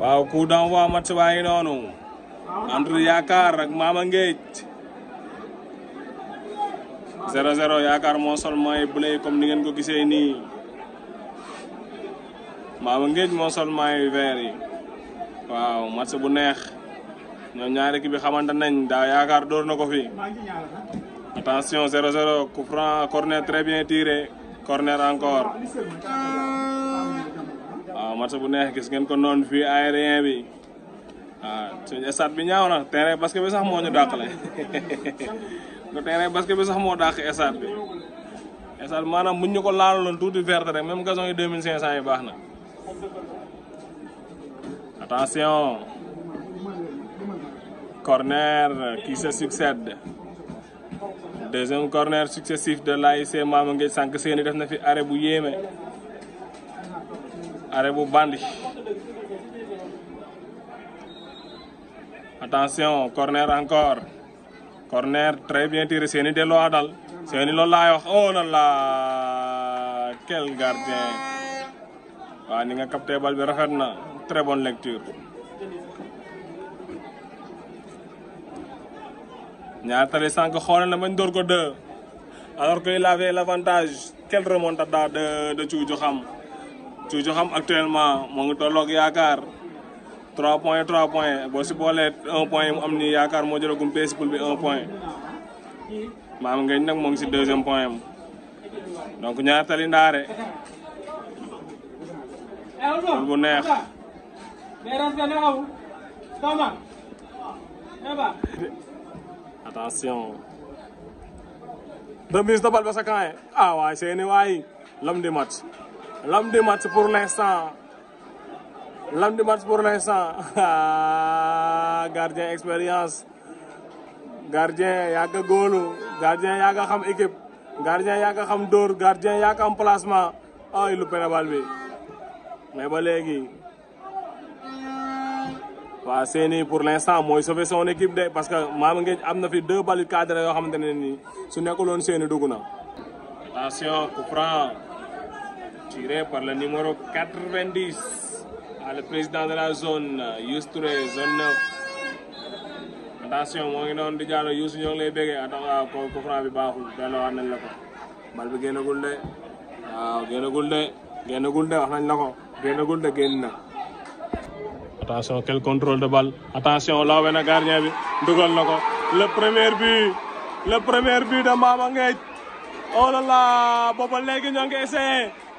waaw coup d'envoi match baa ngi noonu entre Yaakaar ak Mama Ngéej 0-0 Yaakaar moo sol maay bleu comme ni ngeen ko gisee nii Mama Ngéej moo sol maay vert yi waaw match bu neex ñoom ñaari ki bi xamante nañ daa Yaakaar dóor na ko fi attention 0-0 coup franc corner très bien tiré corner encore match bu neex gis ngeen ko noonu fii aérien bi waaw ah, suñu stade bi ñaaw na terrain basket bi sax moo ñu dàqale ko terrain basket bi sax moo dàq stade bi maanaam buñ ñu ko laal laaloon tuuti verte rek même gazon yi deux mille cinq cent yi baax na attention corner qui se succède deuxième corner successif de l'AIC Mame Gueye sànq seeni def na fi arrêt bu yéeme bandit. Attention, corner encore. Corner très bien tiré. C'est une de l'Oadal. C'est une de Oh là là Quel gardien Wa ni capté bal bi Très bonne lecture. Niatale sank xolal na ma ndor ko deux. Alors qu'il avait l'avantage, quelle remontada de de Cucu xam actuellement mo ngi tolok yaakar 3 points 3 points bo ci bolé 1 point mu am ni yaakar mo jëlagum gum pool bi 1 point maam ngeen nak mo ngi si deuxième point donc ñaar tali ndare loolu bu neex. attention. remise de balle ba sa camp kan, ah waay ni waay l'homme di match. L'homme du match pour l'instant. L'homme du match pour l'instant. gardien expérience. gardien yaa nga góolu gardien yaa nga xam équipe. gardien yaa nga xam dóor gardien yaa nga am placement. ay lu penabal bi mais ba léegi. waaw Séni pour l'instant mooy sauver son équipe de parce que maam ngeen am na fi deux balles cadrées yoo xamante ne nii su nekkuloon Séni dugg na. tiré par le numéro 90 à le président de la zone Youssou Touré zone 9 attention moo ngi noonu di jaaroo Youssou ñoo ngi lay béggee attention ko bi baaxul delloo waat a la ko bal bi génnagul de waaw génnagul de génnagul de wax nañ la de génn na quel contrôle de balle attention lawbe na gardien bi dugal na ko premier but le premier but de Mama Gueye oh là là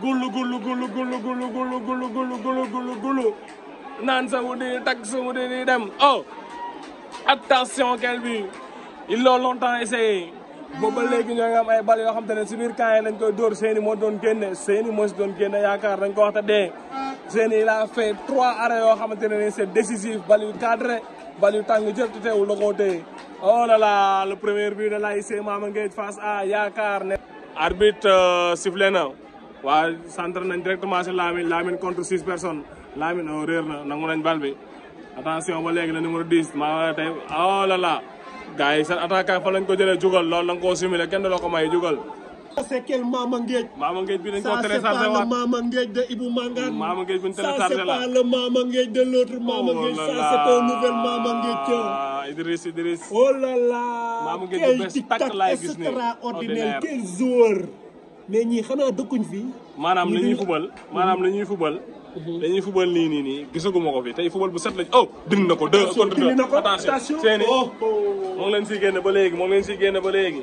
gulu gulu gulu gulu gulu gulu gulu gulu gulu gulu gulu naan sama tak tag sama ni dem oh attention kelbi il lo longtemps essayé booba léegi ñoo ngi am ay bal yo xam te ne si biir lañ koy dóor seeni mo doon genn seeni mo doon genn yaakar dañ ko wax ta dee seeni il a fait trois arrêts yo xamante ne ni c'est décisif bal yu cadré bal yu tang jël te teewul la koo oh là là le premier but de la Mama Mamangue face à yaakaar ne arbitre euh, sifflé na wah centre nañ directement si Lamine Lamine contre six personnes Lamine oo oh, réer na nangu nañ bal bi attention ba léegi la numéro 10 maa tey oh lala, guys, gars yi seen attaquant fa lañ ko jëlee jugal loolu la nga koo simulé kenn du ko may jugal. c'est quel Mama Ngej. Mama Ngej bi dañ koo téléchargé waat ça c'est pas Mama Ngej de Ibou Mangane. Mama Ngej bi ñu téléchargé la c'est pas le Mama Ngej de l'autre Mama oh Ngej. ça c'est un nouvel Mama Idriss Idriss. oh lala, Mama Ngej bu bees tàkk laay extraordinaire quel mais ñii xanaa dëkkuñ fii. maanaam la ñuy fubal maanaam la ñuy fubal. dañuy fubal nii nii nii gisaguma ko fi tey fubal bu set lañ oh dindi na ko. deux contre deux attention seeni oh, oh. o ngi leen siy génne ba léegi moom lañ si siy génne ba léegi.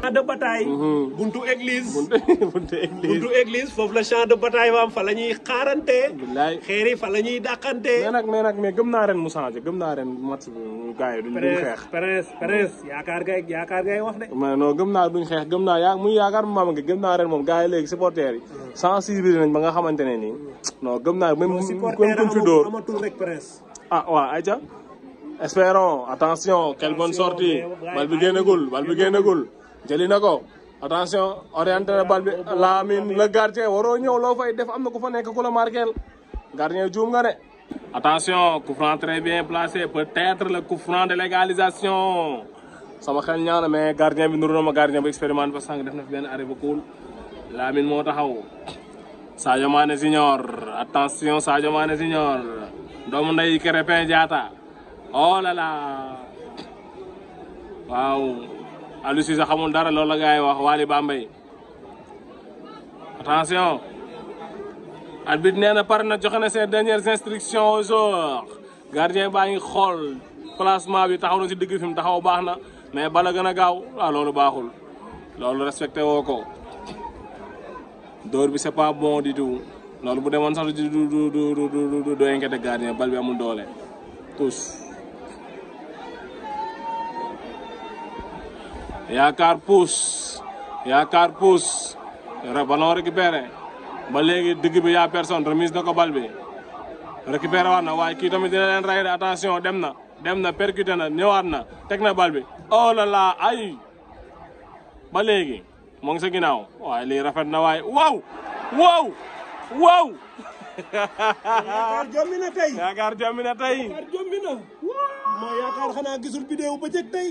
champ de mhm. buntu église. buntu église buntu église foofu la champ de bataille maam fa la ñuy xaarante. bilaay xeer yi fa la ñuy dàqante. mais nag mais mais gëm naa ren mu changé gëm naa ren match bi gars yi duñ xeex. yaakaar ngay wax de. mais non gëm naa duñ xeex gëm naa yaa muy yaakaar maam nga gëm naa ren moom gars yi léegi supporters yi. Mhm. nañ ba nga xamante ne nii. Mhm. non gëm naa même. supporter amatul rek prince. ah waaw ayca espérons attention quelle bonne sortie bal bi génnagul bal bi jëli ko attention orienter na bal bi Lamine le gardien waroo ñëw loo fay def am na ku fa nekk ku la marqué gardien juum nga attention coup franc très bien placé peut-être le coup franc de légalisation. sama xel ñaaw mais gardien bi nuru ma gardien bu expérimenté ba sànq def na fi benn arrêt bu cool Lamine moo taxaw Sadio Mané Junior attention Sadio Mané Junior doomu nday Krépin oh là là Waouh. Aliou Cissé xamul dara loolu la gars yi wax Waly Bambey attention arbitre nee na pare na joxe na ses dernières instructions aux joueurs gardien baa ngi xool placement bi taxaw na si digg fi mu taxaw baax na mais bala gën a gaaw waaw loolu baaxul loolu respecté woo ko dóor bi c'est pas bon du tout loolu bu demoon sax du du du du gardien bal bi amul doole tous ya karpus ya karpus balon récupéré ba léegi digg bi yaa personne remise na ko bal bi récupéré waat na waaye kii tamit dina leen rey attention dem na dem na percuté na ñëwaat na teg na bal bi oh là là ay ba léegi moo ngi sa ginnaaw waaye lii rafet na waaye waaw waaw waaw yaakaar jommi na tey yaakaar jommi na tey yaakaar jommi na moo yaakaar xanaa gisul vidéo ba jëkk tey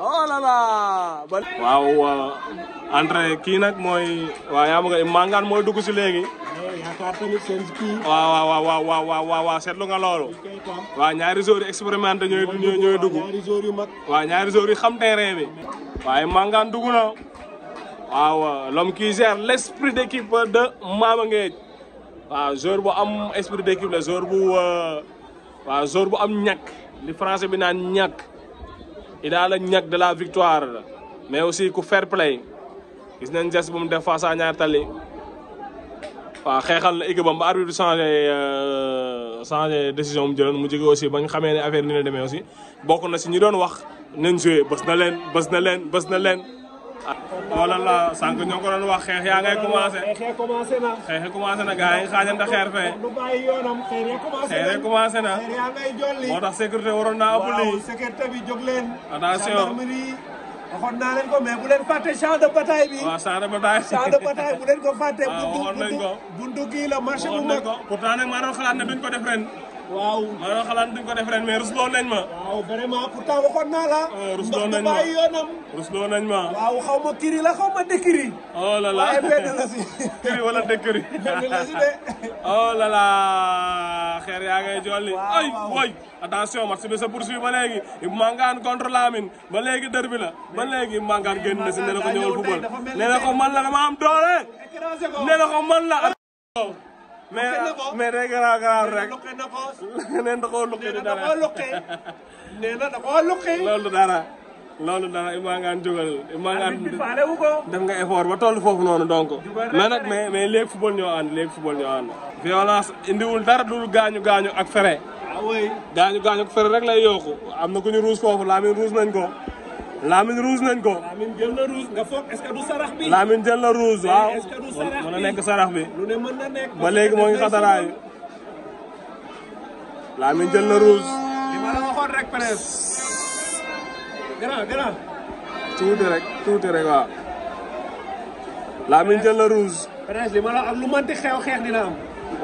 oh là waaw entrée kii nag mooy waaw yaa ma nga mangaan dugg si léegi waaw waaw waaw waaw waaw waaw waaw seetlu nga loolu waaw ñaari joueurs yu expérimenté ñooy ñooy dugg waaw ñaari joueurs yu xam terrain bi waaye mangaan dugg na waaw l'homme qui gère esprit de Mama Ngej waaw bu am esprit d' équipe la bu bu am ñàkk li français bi naan il a le de la victoire mais aussi ku fair play gis nañ geste bu mu def face à ñaar tali wa xéxal na équipe am ba arbitre changé euh changé décision mu jëloon mu jóge aussi bañ xamé xamee affaire ni la démé aussi bokku na ci ñu doon wax nañ jouer bës na leen bës na leen bës na leen xoolal la sànq ñoo ko doon wax xeex yaa ngay commencé. xeex commencé na. xeex commencé na gars yi xaajante xeer fee. lu yaa ngay jolli. moo tax sécurité waroon naa sécurité bi jóg leen. attention gendarmerie waxoon naa ko mais bu leen fàtte de bataille bi. waaw champ de bataille. champ ko fàtte. waaw ah, waxoon nañ la marché bu mag. pourtant nag maa doon xalaat ne duñ ko def Wow, ma la xalaat duñ ko def ren mais rusloo nañ ma waaw vraiment pourtant waxoon naa la kiri nañ ma bàyyi nañ ma waaw kiri oh la la eh, Kiri, benn kiri oh la la xeer yaa ngay jolli ay boy attention match bi sa poursuit ba léegi mangaan contre lamine derbi la ba léegi mangaan génn na si nee na ko ñëwal football nee na ko man mais day garaaw garaaw rek loqe na ko neen dara nee na da koo loqe loolu dara loolu dara Iba Ngane jógal Iba Ngane def nga effort ba toll foofu noonu donc mais nag mais mais léegi football ñoo ànd léegi football indiwul dara dul gaañu gaañu ak fere ah gaañu gaañu ak fere rek la yooku am na ku ñu ruus foofu laa ruus nañ ko Lamine rouge nañ ko. Lamine jël na rouge nga foog est-ce que du sarax bi. Lamine jël na rouge waaw. est-ce que du sarax bi mën na nekk sarax bi. lu ne mën na nekk ba léegi moo ngi xataraayu. Lamine jël na rouge. li ma la waxoon rek Prince. grand grand. tuuti rek tuuti rek waaw. Lamine jël na rouge. Prince li ma la ak lu mënti xew xeex dina am.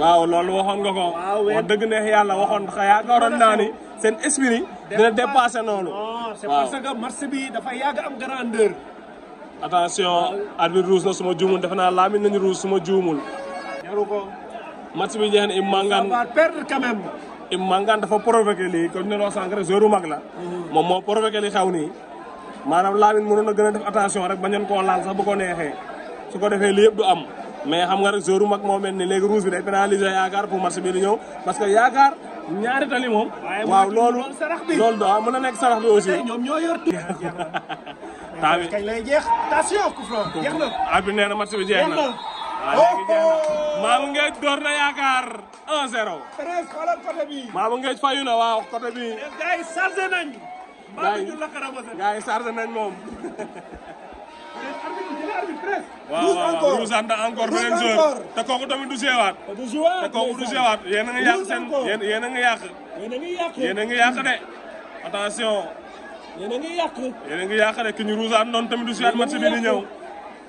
waaw loolu waxoon nga ko. waaw wax dëgg neex yàlla waxoon xayaa nga waroon naa ni seen esprit. dina dépassé noonu. non c'est parce que match bi dafa yàgg am grandeur. attention arbitre ruus na suma juumul defe naa laamin nañu ruus suma juumul. jaru ko. match bi jeex na Ibou Mangane va perdre quand même. Ibou dafa provoqué lii comme ni ma la wax sànq mag la. Mhm. moom moo provoqué li xaw nii. maanaam laamin mënoon a gën a def attention rek bañoon koo laal sax bu ko neexee su ko defee lii yëpp du am mais xam nga rek joueur bu mag moo mel ni léegi ruus bi day pénaliser yaakaar pour match di ñëw parce que yaakaar. ñaari tali moom. waaw loolu loolu waaw ah, mën nekk sarax bi aussi. ñoom ñoo yor tuuti. taa bi kañ lay jeex. attention coup franc jeex na. ah Ngeej door na yaakaar 1-0. Thérèse xoolal côté Ngeej fayu na waaw côté bi. Eh, gars yi nañ moom. rouge encore rouge encore beneen joueur te kooku tamit du seewaat. du seewaat te kooku du seewaat yéen a ngi yàq seen yéen yéen a ngi yàq. yéen a ngi yàq de attention. yéen a ngi yàq. yéen a ngi yàq de ki ñu rouge noonu tamit du seewaat match bi di ñëw.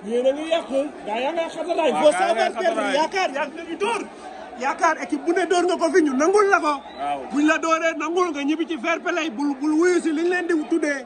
yéen a ngi yàq. gaa yaa ngi xataraay boo saa yaakaar yaa ngi dóor. yaakaar équipe bu ne dóor nga ko fi ñu nangul la ko. waaw buñ la dooree nangul nga ñibbi ci fair play bul bul wuyu si liñ leen di tuddee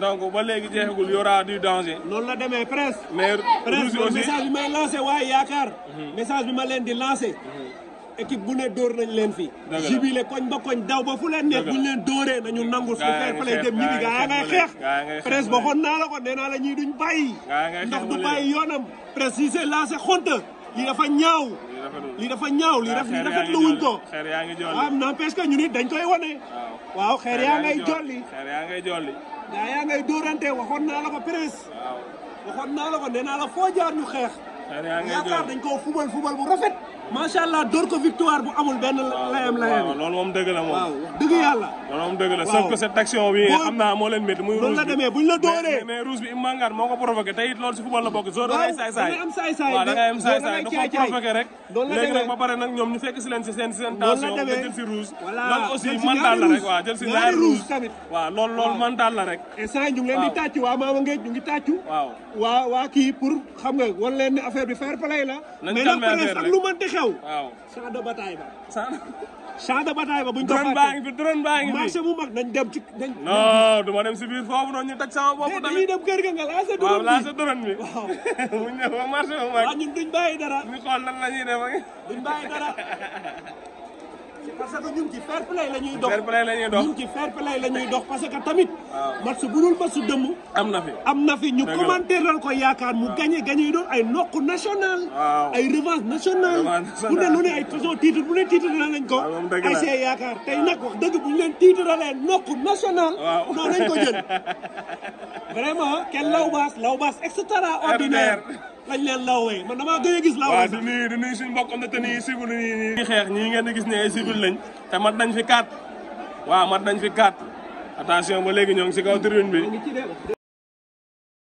donc ba léegi jeexagul y aura du danger. noonu la demee presse. mais presse message bi may lancé waaye yaakaar. Mhm. message bi ma leen di lancé. Mhm. équipe bu ne door nañ leen fi. jibile koñ ba koñ daw ba fu leen nekk bu ñu leen dóoree nañu nangu. su fair play dem ñibbi gaa yaa ngay xeex. presse ba xoon naa la ko nee naa la ñii duñ bàyyi. ndax du bàyyi yoonam. presse yi c'est lancé xonta lii dafa ñaaw. lii dafa ñaaw lii daf lii rafetlu wuñ ko. yaa ngi jolli waaw n'empêche que ñu nit dañ koy wane. waaw xeer ngay jolli gaa yaa ngay dóorante waxoon naa la ko presse. waxoon naa la ko nee naa la foo jaar ñu xeex. yaakaar dañ koo fubal fubal bu rafet. macha allah dóor ko victoire bu amul benn layam layam. waaw loolu moom dëgg la moom waaw dëgg yàlla. moom dëgg la sauf que cette action bi xam naa moo leen métti loolu si football la bokk zo saay saay leen di tàcc waa Maama Ngeej ñu ngi tàccu waa kii pour xam nga wan leen affaire bi fair play la mais nag ak lu mënti xew waaw champ de bataille ba champ de bataille ba buñ ko drone baa ngi fi drone baa ngi fi marché mu mag nañ dem ci nañ non duma dem si biir foofu noonu ñu teg sama bopp tamit dañuy dem kër ga nga lancé drone bi lancé drone bi waaw buñ dem marché mu mag waaw ñun duñ bàyyi dara ñu xool lan la ñuy def duñ bàyyi dara parce que ñun ci fair play la ñuy dox fair play la ñuy dox ñun ci fair play la dox parce que tamit. waaw match bu dul match dëmm. am na fi am na fi ñu commentéral ko yaakaar mu gagné gagné yi doon ay nokku national. ay revanche national. bu ne lu ne ay façon titre bu ne titre ko. waaw ah, moom ay leen titre lañ nokku national. waaw noonu lañ ko jël. vraiment kenn Laobas Laobas extraordinaire. kañ leen laaw way man damaa gën a gis. laaw waaw di nuyu di nuyu suñu mbokk am na te nii civil nii nii. ñuy xeex ñii ngeen di gis ne ay civil lañ te mat nañ fi 4 waaw mat nañ fi 4 attention ba léegi ñoo ngi si kaw tribune